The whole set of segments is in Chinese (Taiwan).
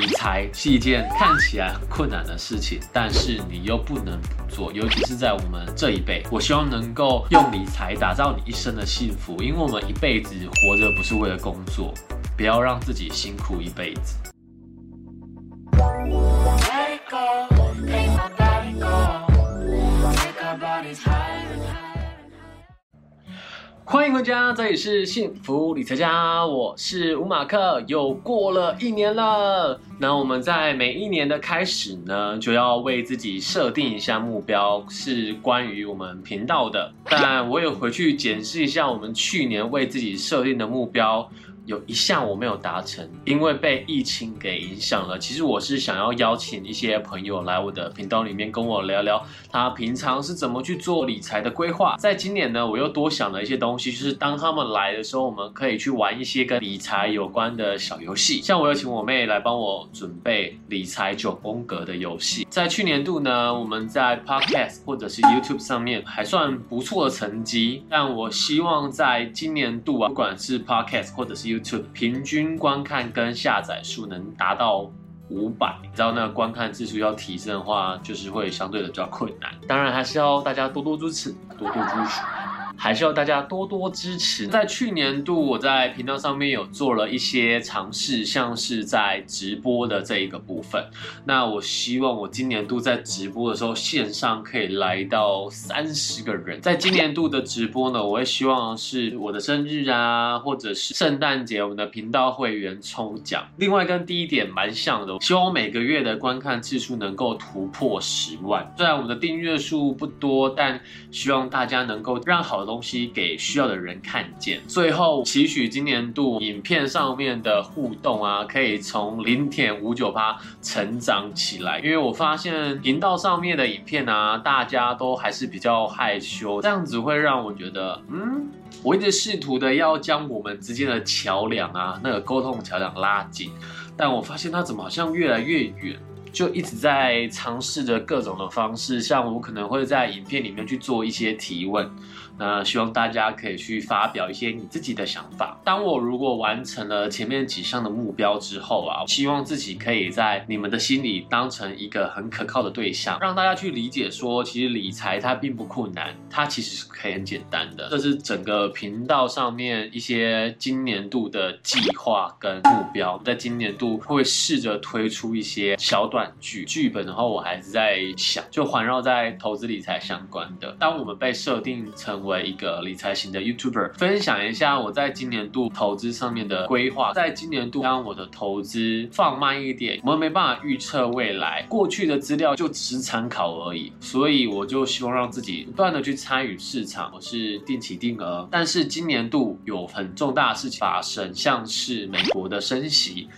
理財是一件看起來很困難的事情，但是你又不能不做，尤其是在我們這一輩。我希望能夠用理財打造你一生的幸福，因為我們一輩子活着不是為了工作，不要讓自己辛苦一輩子。歡迎回家，這裡是幸福理財家，我是吳馬克。又過了一年了，那我們在每一年的開始呢，就要為自己設定一下目標，是關於我們頻道的。但我也回去檢視一下我們去年為自己設定的目標。有一項我沒有達成，因為被疫情給影響了。其實我是想要邀請一些朋友來我的頻道裡面跟我聊聊，他平常是怎麼去做理財的規劃。在今年呢，我又多想了一些東西，就是當他們來的時候，我們可以去玩一些跟理財有關的小遊戲。像我有請我妹來幫我準備理財九宮格的遊戲。在去年度呢，我們在 Podcast 或者是 YouTube 上面還算不錯的成績，但我希望在今年度啊，不管是 Podcast 或者是 YouTube。YouTube，平均觀看跟下載數能達到五百，只要那個觀看次數要提升的話，就是會相對的比較困難。當然，還是要大家多多支持，多多支持。還是要大家多多支持。在去年度，我在頻道上面有做了一些嘗試，像是在直播的這一個部分。那我希望我今年度在直播的時候，線上可以來到三十個人。在今年度的直播呢，我也希望是我的生日啊，或者是聖誕節，我們的頻道會員抽獎。另外跟第一點蠻像的，我希望我每個月的觀看次數能夠突破十萬。雖然我們的訂閱數不多，但希望大家能夠讓好。東西給需要的人看見。最後，期許今年度影片上面的互動啊，可以從零點五九八成長起來。因為我發現頻道上面的影片啊，大家都還是比較害羞，這樣子會讓我覺得，嗯，我一直試圖的要將我們之間的橋樑啊，那個溝通橋樑拉緊，但我發現它怎麼好像越來越遠。就一直在嘗試着各種的方式，像我可能會在影片裡面去做一些提問，那希望大家可以去發表一些你自己的想法。當我如果完成了前面幾項的目標之後啊，希望自己可以在你們的心裡當成一個很可靠的對象，讓大家去理解說，其實理財它並不困難，它其實是可以很簡單的。這是整個頻道上面一些今年度的計劃跟目標，在今年度會試着推出一些小短。劇劇本的話，我還是在想，就環繞在投資理財相關的。當我們被設定成為一個理財型的 YouTuber，分享一下我在今年度投資上面的規劃。在今年度，讓我的投資放慢一點。我們沒辦法預測未來，過去的資料就只是參考而已。所以，我就希望讓自己不斷的去參與市場。我是定期定額，但是今年度有很重大的事情發生，像是美國的升息。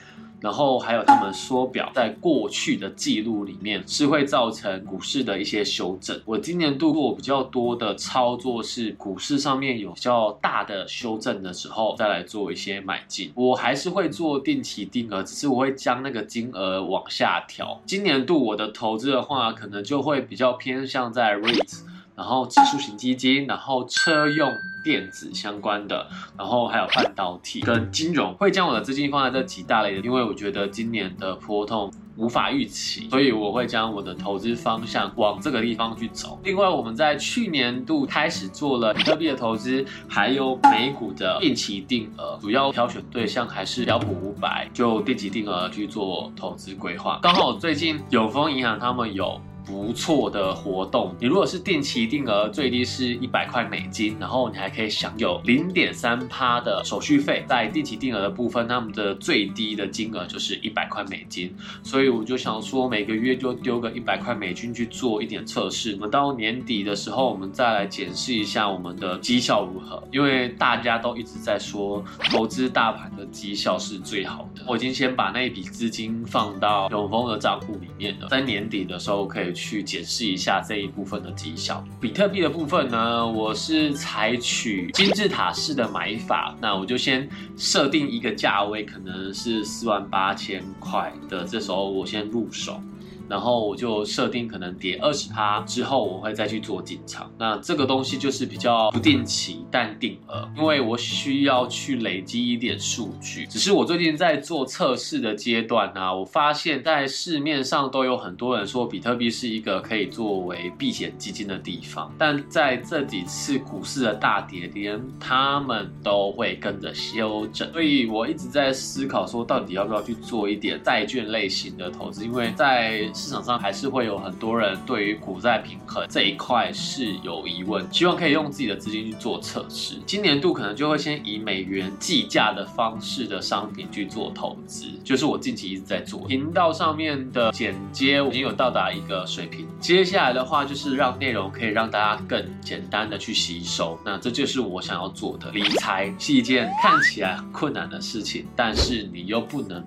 然後還有他們縮表，在過去的記錄裡面是會造成股市的一些修正。我今年度過比較多的操作是股市上面有比較大的修正的時候，再來做一些買進。我還是會做定期定額，只是我會將那個金額往下調。今年度我的投資的話，可能就會比較偏向在 REITs 然後指數型基金，然後車用電子相關的，然後還有半導體跟金融，會將我的資金放在這幾大類的，因為我覺得今年的波動無法預期，所以我會將我的投資方向往這個地方去走。另外，我們在去年度開始做了比特幣的投資，還有美股的定期定額，主要挑選對象還是標普五百，就定期定額去做投資規劃。剛好最近永豐銀行他們有。不錯的活動，你如果是定期定額，最低是一百塊美金，然後你還可以享有零點三趴的手續費。在定期定額的部分，他們的最低的金額就是一百塊美金，所以我就想說，每個月就丟個一百塊美金去做一點測試。我們到年底的時候，我們再來檢視一下我們的績效如何，因為大家都一直在說投資大盤的績效是最好的。我已經先把那一筆資金放到永豐的賬戶裡面了，在年底的時候可以。去解釋一下這一部分的績效。比特幣的部分呢，我是採取金字塔式的買法，那我就先設定一個價位，可能是四萬八千塊的，這時候我先入手。然後我就設定可能跌二十趴之後，我會再去做進場。那這個東西就是比較不定期但定額，因為我需要去累積一點數據。只是我最近在做測試的階段呢、啊，我發現，在市面上都有很多人說比特幣是一個可以作為避險基金的地方，但在這幾次股市的大跌跌，他們都會跟着修正。所以我一直在思考說，到底要不要去做一點債券類型的投資，因為在市場上還是會有很多人對於股債平衡這一塊是有疑問，希望可以用自己的資金去做測試。今年度可能就會先以美元計價的方式的商品去做投資，就是我近期一直在做。頻道上面的剪接已經有到達一個水平，接下來的話就是讓內容可以讓大家更簡單的去吸收。那這就是我想要做的。理財是一件看起來困難的事情，但是你又不能。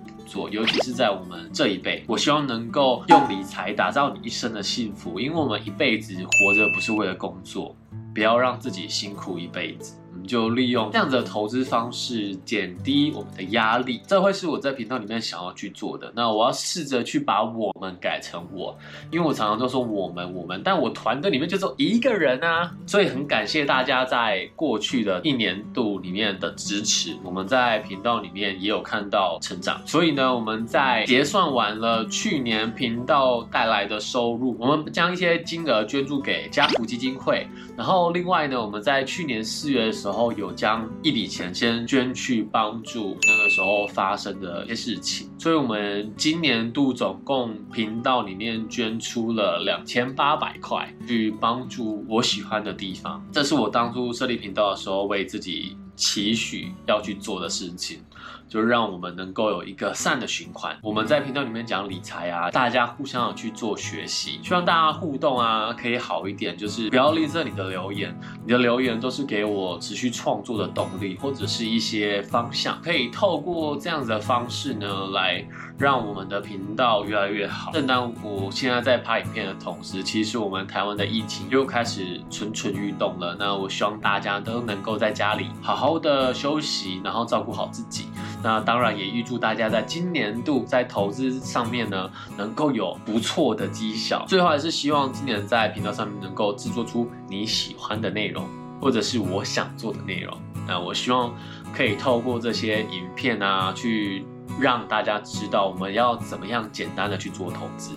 尤其是在我們這一輩，我希望能夠用理財打造你一生的幸福。因為我們一輩子活着不是為了工作，不要讓自己辛苦一輩子。就利用這樣的投資方式減低我們的壓力，這會是我在頻道裡面想要去做的。那我要試着去把我們改成我，因為我常常都說我們我們，但我團隊裡面就只有一個人啊，所以很感謝大家在過去的一年度裡面的支持。我們在頻道裡面也有看到成長，所以呢，我們在結算完了去年頻道帶來的收入，我們將一些金額捐助給家福基金會，然後另外呢，我們在去年四月的時候。然後有將一筆錢先捐去幫助那個時候發生的一些事情，所以我們今年度總共頻道裡面捐出了兩千八百塊去幫助我喜歡的地方。這是我當初設立頻道的時候為自己期許要去做的事情。就讓我們能夠有一個善的循環。我們在頻道裡面講理財啊，大家互相的去做學習，希望大家互動啊，可以好一點。就是不要吝嗇你的留言，你的留言都是給我持續創作的動力，或者是一些方向，可以透過這樣子的方式呢，來讓我們的頻道越來越好。正當我現在在拍影片的同時，其實我們台灣的疫情又開始蠢蠢欲動了。那我希望大家都能夠在家裡好好的休息，然後照顧好自己。那當然也預祝大家在今年度在投資上面呢，能夠有不錯的績效。最後還是希望今年在頻道上面能夠制作出你喜歡的內容，或者是我想做的內容。那我希望可以透過這些影片啊，去讓大家知道我們要怎麼樣簡單的去做投資。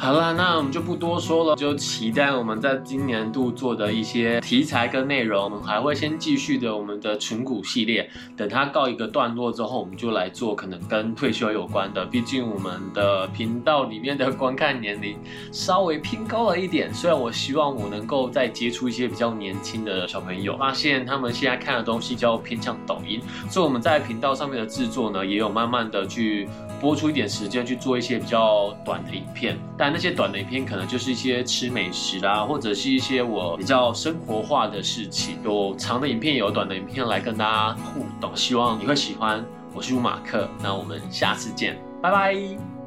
好啦，那我們就不多說了，就期待我們在今年度做的一些題材跟內容。我們還會先繼續的我們的存股系列，等它告一個段落之後，我們就來做可能跟退休有關的。畢竟我們的頻道裡面的觀看年齡稍微偏高了一點，雖然我希望我能夠再接觸一些比較年輕的小朋友，發現他們現在看的東西較偏向抖音，所以我們在頻道上面的製作呢，也有慢慢的去。播出一點時間去做一些比較短的影片，但那些短的影片可能就是一些吃美食啦，或者是一些我比較生活化的事情。有長的影片，有短的影片來跟大家互動，希望你會喜歡。我是吳馬克，那我們下次見，拜拜。